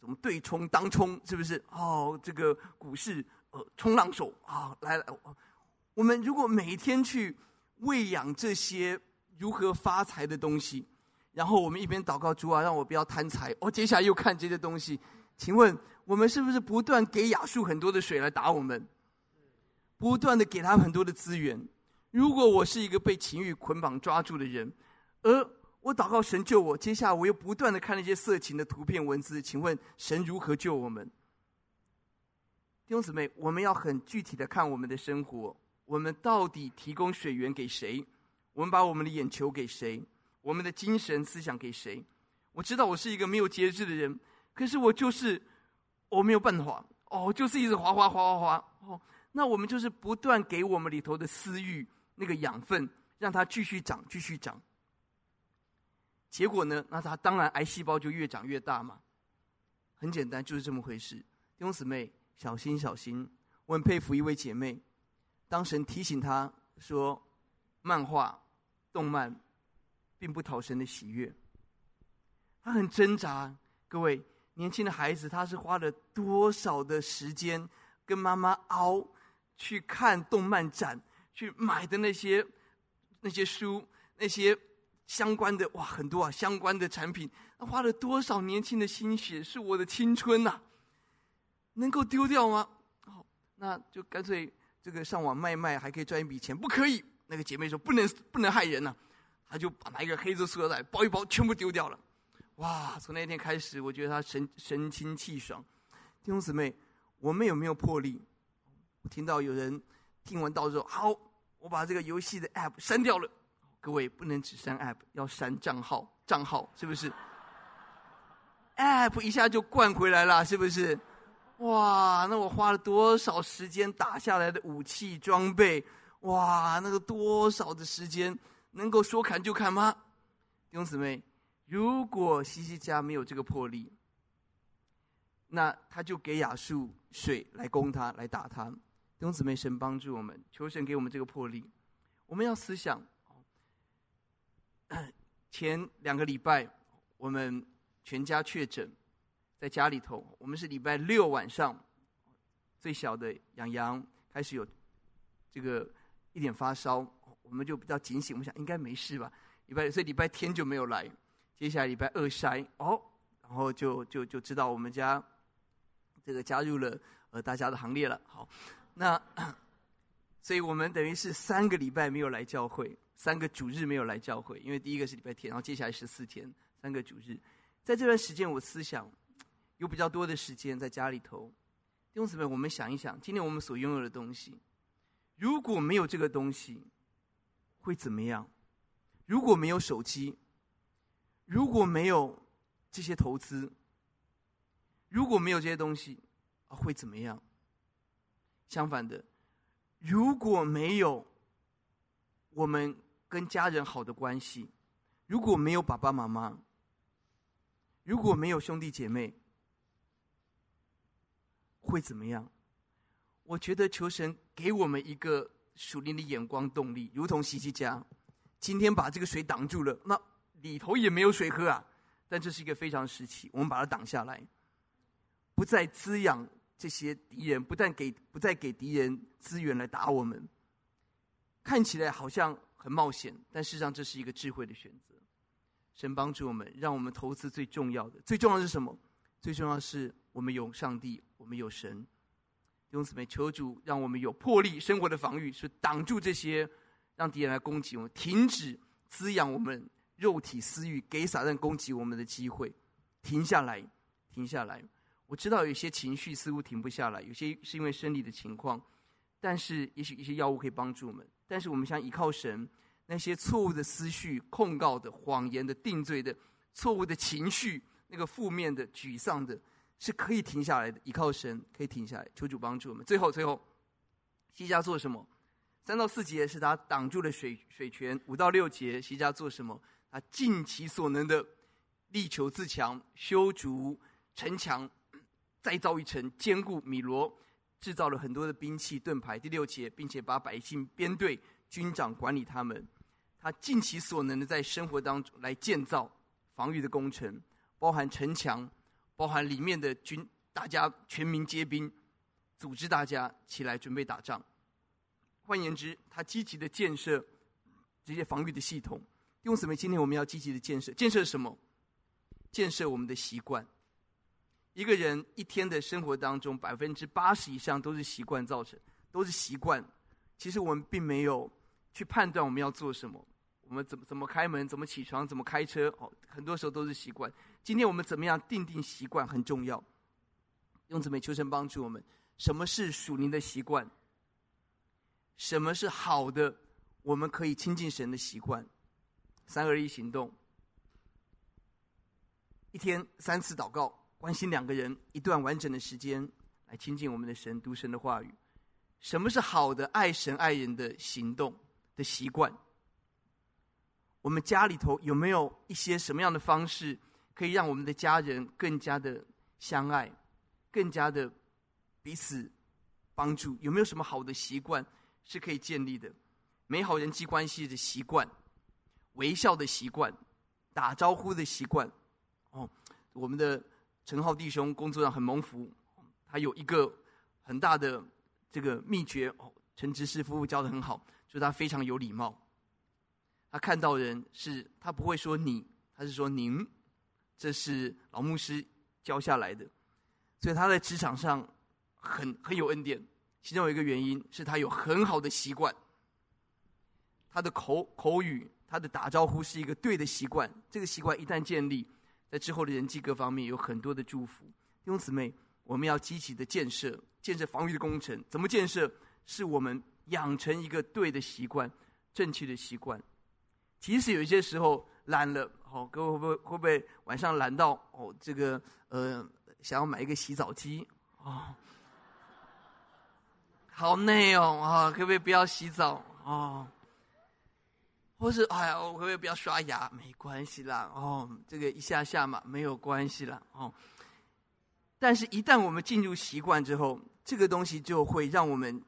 什麼對沖、當沖，是不是？哦，這個股市呃，衝浪手啊、哦、來、哦，我們如果每天去餵養這些如何發財的東西，然後我們一邊禱告主啊，讓我不要貪財哦，接下來又看這些東西，請問我們是不是不斷給亞述很多的水來打我們？不斷的給他很多的資源。如果我是一個被情欲捆綁抓住的人，而我禱告神救我，接下來我又不斷的看那些色情的圖片文字，請問神如何救我們？弟兄姊妹，我們要很具體的看我們的生活，我們到底提供水源給誰？我們把我們的眼球給誰？我們的精神思想給誰？我知道我是一個沒有節制的人，可是我就是我沒有辦法，哦，就是一直滑滑滑滑滑滑哦。那我們就是不斷給我們裡頭的私慾那個養分，讓它繼續長，繼續長。結果呢，那它當然癌細胞就越長越大嘛。很簡單，就是這麼回事。弟兄姊妹，小心小心！我很佩服一位姐妹，當神提醒她說：“漫畫、動漫，並不討神的喜悅。”她很掙扎。各位年輕的孩子，他是花了多少的時間跟媽媽熬？去看動漫展，去買的那些那些書，那些相關的哇，很多啊，相關的產品，那花了多少年輕的心血，是我的青春吶、啊，能夠丟掉嗎？好、哦，那就乾脆這個上網賣賣，還可以賺一筆錢，不可以？那個姐妹說不能不能害人吶、啊，她就把那一個黑色塑料袋包一包，全部丟掉了。哇，從那天開始，我覺得她神神清氣爽。弟兄姊妹，我們有沒有魄力？我聽到有人聽完道之後，好，我把這個遊戲的 App 刪掉了。各位不能只刪 App，要刪賬號，賬號是不是 ？App 一下就灌回來了，是不是？哇，那我花了多少時間打下來的武器裝備？哇，那個多少的時間能夠說砍就砍嗎？弟兄姊妹，如果希西家沒有這個魄力，那他就給亞述水來攻他，來打他。弟兄姊妹，神幫助我們，求神給我們這個魄力。我們要思想，前兩個禮拜我們全家確診，在家裡頭，我們是禮拜六晚上，最小的洋洋，羊開始有這個一點發燒，我們就比較警醒，我們想應該沒事吧。禮拜六，所以禮拜天就沒有來，接下來禮拜二篩，哦，然後就就就知道我們家這個加入了呃大家的行列了。好。那，所以我們等於是三個禮拜沒有來教會，三個主日沒有來教會，因為第一個是禮拜天，然後接下來是四天，三個主日。在這段時間，我思想有比較多的時間在家裡頭。弟兄姊妹，我們想一想，今天我們所擁有的東西，如果沒有這個東西，會怎麼樣？如果沒有手機，如果沒有這些投資，如果沒有這些東西，啊，會怎麼樣？相反的，如果沒有我們跟家人好的關係，如果沒有爸爸媽媽，如果沒有兄弟姐妹，會怎麼樣？我覺得求神給我們一個屬靈的眼光動力，如同希西家今天把這個水擋住了，那裡頭也沒有水喝啊！但這是一個非常時期，我們把它擋下來，不再滋養。這些敵人不但給，不再給敵人資源來打我們，看起來好像很冒險，但事實上這是一個智慧的選擇。神幫助我們，讓我們投資最重要的，最重要的是什麼？最重要的是我們有上帝，我們有神。用此麼？求主讓我們有魄力，生活的防禦是擋住這些，讓敵人來攻擊我們，停止滋養我們肉體私欲，給撒旦攻擊我們的機會，停下來，停下來。我知道有些情緒似乎停不下來，有些是因為生理的情況，但是也許一些藥物可以幫助我們。但是我們想依靠神，那些錯誤的思緒、控告的謊言的定罪的錯誤的情緒，那個負面的、沮喪的，是可以停下來的。的依靠神可以停下來，求主幫助我們。最後，最後，西家做什麼？三到四節是他擋住了水水泉，五到六節西家做什麼？他盡其所能的力求自強，修築城牆。再造一城堅固米羅，製造了很多的兵器盾牌。第六節，並且把百姓編隊，軍長管理他們。他盡其所能的在生活當中來建造防禦的工程，包含城牆，包含裡面的軍，大家全民皆兵，組織大家起來準備打仗。換言之，他積極的建設這些防禦的系統。用什麼？今天我們要積極的建設，建設什麼？建設我們的習慣。一個人一天的生活當中80，百分之八十以上都是習慣造成，都是習慣。其實我們並沒有去判斷我們要做什麼，我們怎麼怎麼開門，怎麼起床，怎麼開車，哦，很多時候都是習慣。今天我們怎麼樣定定習慣很重要。用子美求神幫助我們，什麼是屬靈的習慣？什麼是好的？我們可以親近神的習慣。三二一行動，一天三次禱告。關心兩個人，一段完整的時間，來親近我們的神，讀神的話語。什麼是好的愛神愛人的行動的習慣？我們家裡頭有沒有一些什麼樣的方式，可以讓我們的家人更加的相愛，更加的彼此幫助？有沒有什麼好的習慣是可以建立的？美好人際關係的習慣，微笑的習慣，打招呼的習慣，哦，我們的。陳浩弟兄工作上很蒙福，他有一個很大的這個秘訣。哦、陳執事夫婦教的很好，就是他非常有禮貌。他看到人是，他不會說“你”，他是說“您”。這是老牧師教下來的，所以他在職場上很很有恩典。其中有一個原因是，他有很好的習慣。他的口口語，他的打招呼是一個對的習慣。這個習慣一旦建立。在之後的人際各方面有很多的祝福。弟兄姊妹，我們要積極的建設，建設防禦的工程。怎麼建設？是我們養成一個對的習慣，正確的習慣。其實有一些時候懶了，好、哦，各位會不會會不會晚上懶到哦？這個呃，想要買一個洗澡機哦，好累哦啊！各、哦、位可不可以不要洗澡啊。哦或是哎呀，我可不可以不要刷牙，沒關係啦。哦，這個一下下嘛，沒有關係啦，哦，但是，一旦我們進入習慣之後，這個東西就會讓我們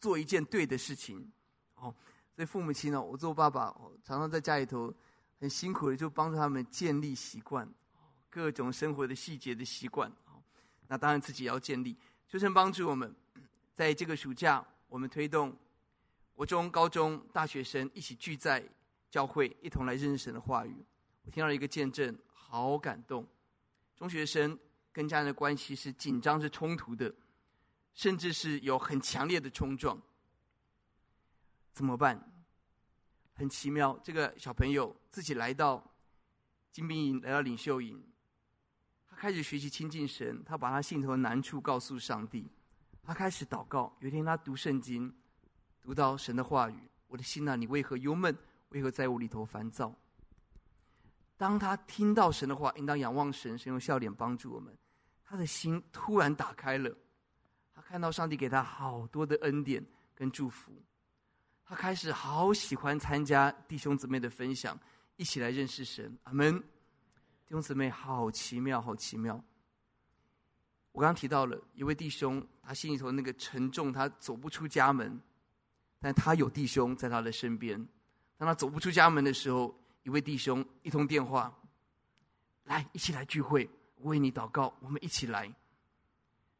做一件對的事情。哦，所以父母親呢、哦，我做爸爸、哦，常常在家裡頭很辛苦的，就幫助他們建立習慣、哦，各種生活的細節的習慣。哦，那當然自己也要建立。求神幫助我們，在這個暑假，我們推動。我國、高中、大學生一起聚在教會，一同來認識神的話語。我聽到一個見證，好感動。中學生跟家人的關係是緊張、是衝突的，甚至是有很強烈的衝撞。怎麼辦？很奇妙，這個小朋友自己來到金兵營，來到領袖營，他開始學習親近神。他把他心頭的難處告訴上帝，他開始禱告。有一天，他讀聖經。讀到神的話語，我的心吶、啊，你為何憂悶？為何在我裡頭煩躁？當他聽到神的話，應當仰望神，神用笑臉幫助我們。他的心突然打開了，他看到上帝給他好多的恩典跟祝福，他開始好喜歡參加弟兄姊妹的分享，一起來認識神。阿門。弟兄姊妹，好奇妙，好奇妙。我剛剛提到了一位弟兄，他心裡頭那個沉重，他走不出家門。但他有弟兄在他的身邊，當他走不出家門的時候，一位弟兄一通電話，來，一起來聚會，我為你禱告，我們一起來。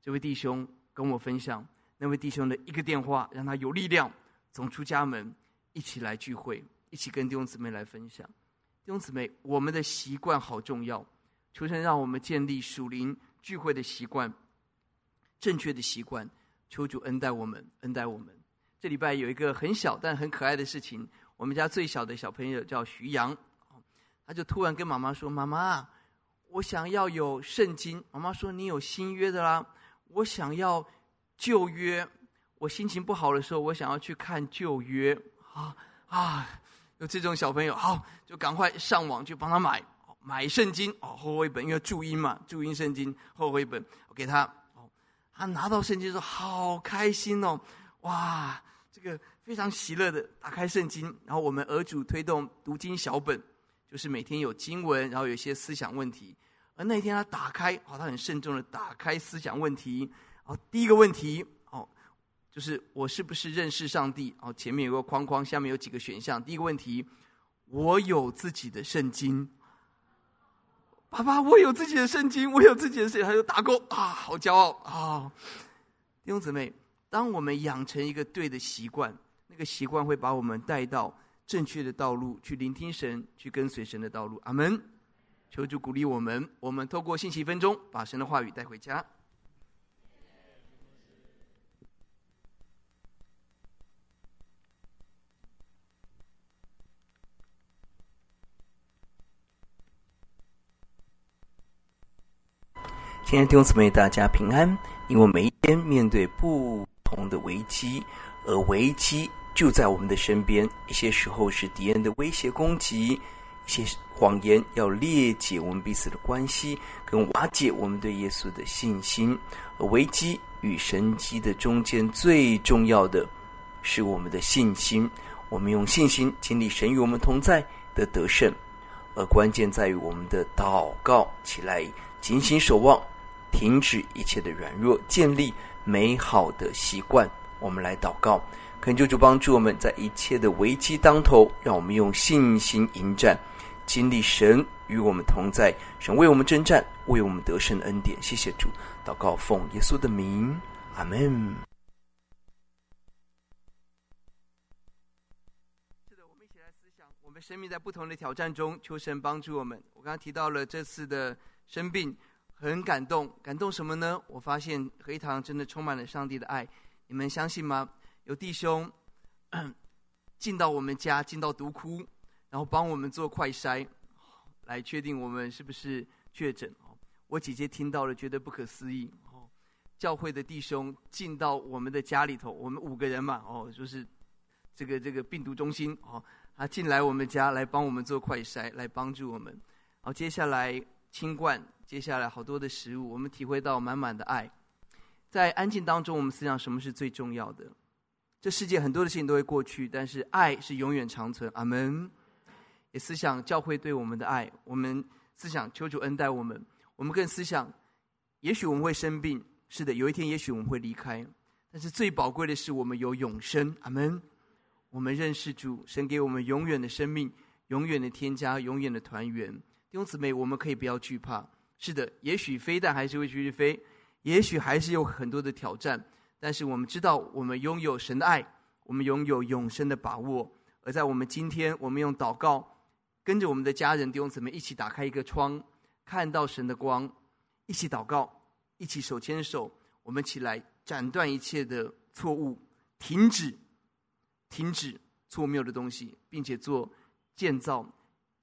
這位弟兄跟我分享，那位弟兄的一個電話，讓他有力量走出家門，一起來聚會，一起跟弟兄姊妹來分享。弟兄姊妹，我們的習慣好重要，求神讓我們建立屬靈聚會的習慣，正確的習慣，求主恩待我們，恩待我們。這禮拜有一個很小但很可愛的事情，我們家最小的小朋友叫徐陽，他就突然跟媽媽說：“媽媽，我想要有聖經。”媽媽說：“你有新約的啦。”我想要舊約。我心情不好的時候，我想要去看舊約啊啊，啊！有這種小朋友，好，就趕快上網去幫他買買聖經哦，厚厚一本，因為注音嘛，注音聖經厚厚一本，給他，他拿到聖經說：“好開心哦，哇！”一個非常喜樂的，打開聖經，然後我們兒主推動讀經小本，就是每天有經文，然後有一些思想問題。而那一天他打開，哦，他很慎重的打開思想問題、哦。第一個問題，哦，就是我是不是認識上帝？哦，前面有個框框，下面有幾個選項。第一個問題，我有自己的聖經。爸爸，我有自己的聖經，我有自己的聖經，他就打勾啊，好驕傲啊、哦，弟兄姊妹。當我們養成一個對的習慣，那個習慣會把我們帶到正確的道路，去聆聽神，去跟隨神的道路。阿門！求主鼓勵我們，我們透過信息分鐘，把神的話語帶回家。今天弟兄姊妹，大家平安。因為我每一天面對不。同的危機，而危機就在我們的身邊。一些時候是敵人的威脅攻擊，一些謊言要裂解我們彼此的關係，跟瓦解我們對耶穌的信心。而危機與神機的中間，最重要的是我們的信心。我們用信心經歷神與我們同在的得勝，而關鍵在於我們的禱告起來，警醒守望，停止一切的軟弱，建立。美好的習慣。我們來禱告，懇求主幫助我們在一切的危機當頭，讓我們用信心迎戰，經歷神與我們同在，神為我們征戰，為我們得勝恩典。謝謝主，禱告奉耶穌的名，阿門。是的，我們一起來思想，我們生命在不同的挑戰中，求神幫助我們。我剛剛提到了這次的生病。很感動，感動什麼呢？我發現合堂真的充滿了上帝的愛，你們相信嗎？有弟兄進到我們家，進到毒窟，然後幫我們做快篩，來確定我們是不是確診。我姐姐聽到了，覺得不可思議。哦，教會的弟兄進到我們的家裡頭，我們五個人嘛哦，就是這個這個病毒中心哦，他進來我們家來幫我們做快篩，來幫助我們。好，接下來清冠。接下來好多的食物，我們體會到滿滿的愛，在安靜當中，我們思想什麼是最重要的。這世界很多的事情都會過去，但是愛是永遠長存。阿門。也思想教會對我們的愛，我們思想求主恩待我們。我們更思想，也許我們會生病，是的，有一天也許我們會離開，但是最寶貴的是我們有永生。阿門。我們認識主，神給我們永遠的生命，永遠的添加，永遠的團圓。弟兄姊妹，我們可以不要懼怕。是的，也許飛彈還是會繼續飛，也許還是有很多的挑戰，但是我們知道我們擁有神的愛，我們擁有永生的把握。而在我們今天，我們用禱告，跟着我們的家人弟兄姊妹一起打開一個窗，看到神的光，一起禱告，一起手牽手，我們起來斬斷一切的錯誤，停止，停止錯謬的東西，並且做建造。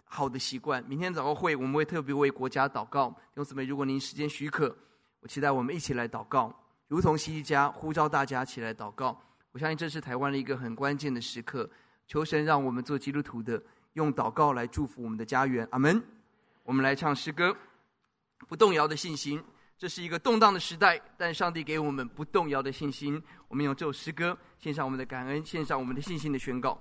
好的習慣。明天早會，我們會特別為國家禱告。弟兄姊妹，如果您時間許可，我期待我們一起來禱告，如同希西家呼召大家起來禱告。我相信這是台灣的一個很關鍵的時刻，求神讓我們做基督徒的，用禱告來祝福我們的家園。阿門。我們來唱詩歌，不動搖的信心。這是一個動盪的時代，但上帝給我們不動搖的信心。我們用這首詩歌，獻上我們的感恩，獻上我們的信心的宣告。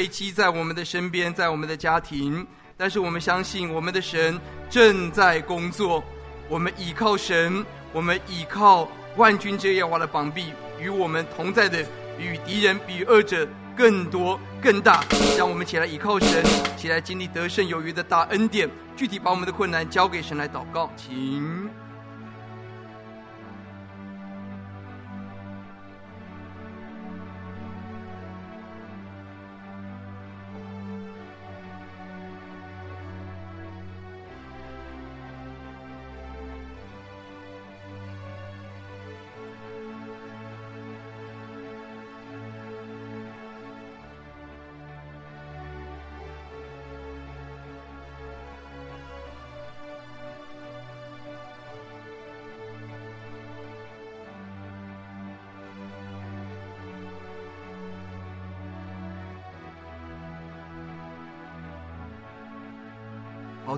危機在我們的身邊，在我們的家庭，但是我們相信我們的神正在工作。我們倚靠神，我們倚靠萬軍之耶和華的膀臂，與我們同在的，與敵人比二者更多更大。讓我們起來倚靠神，起來經歷得勝有餘的大恩典。具體把我們的困難交給神來禱告，請。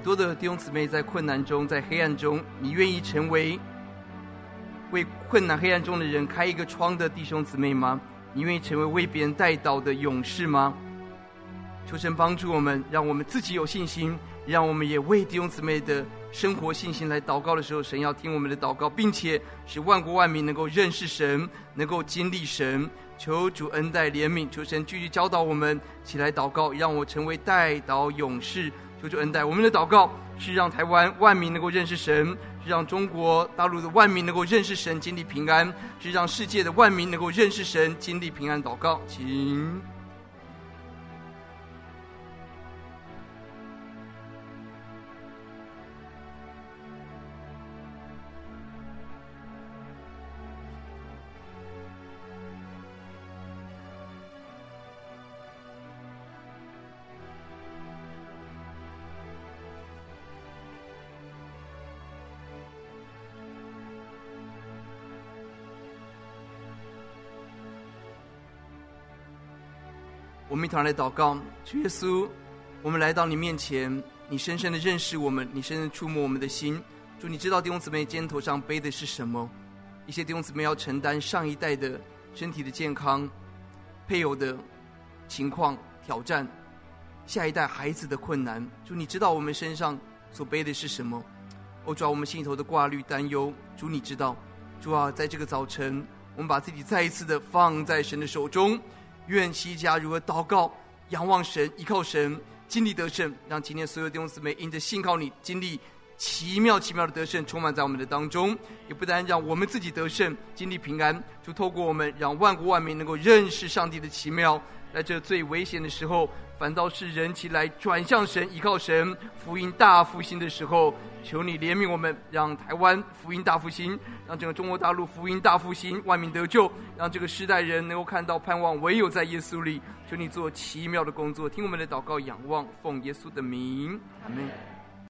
多的弟兄姊妹在困難中、在黑暗中，你願意成為為困難、黑暗中的人開一個窗的弟兄姊妹嗎？你願意成為為別人代禱的勇士嗎？求神幫助我們，讓我們自己有信心，讓我們也為弟兄姊妹的生活信心來禱告的時候，神要聽我們的禱告，並且使萬國萬民能夠認識神，能夠經歷神。求主恩待憐憫，求神繼續教導我們起來禱告，讓我成為代禱勇士。求、就、求、是、恩待，我們的禱告是讓台灣萬民能夠認識神，是讓中國大陸的萬民能夠認識神，經歷平安，是讓世界的萬民能夠認識神，經歷平安。禱告，請。常來禱告，主耶穌，我們來到你面前，你深深的認識我們，你深深觸摸我們的心。主，你知道弟兄姊妹肩頭上背的是什麼？一些弟兄姊妹要承擔上一代的身體的健康、配偶的情況挑戰、下一代孩子的困難。主，你知道我們身上所背的是什麼？我、哦、主、啊、我們心頭的掛慮、擔憂。主，你知道。主啊，在這個早晨，我們把自己再一次的放在神的手中。願其家如何禱告、仰望神、依靠神、盡力得勝，讓今天所有的弟兄姊妹因着信靠你經歷奇妙、奇妙的得勝，充滿在我們的當中。也不單讓我們自己得勝、經歷平安，就透過我們，讓萬國萬民能夠認識上帝的奇妙，在這最危險的時候。反倒是人起來轉向神，依靠神，福音大復興的時候，求你憐憫我們，讓台灣福音大復興，讓整個中國大陸福音大復興，萬民得救，讓這個時代人能夠看到盼望，唯有在耶穌裡。求你做奇妙的工作，聽我們的禱告，仰望，奉耶穌的名，阿門。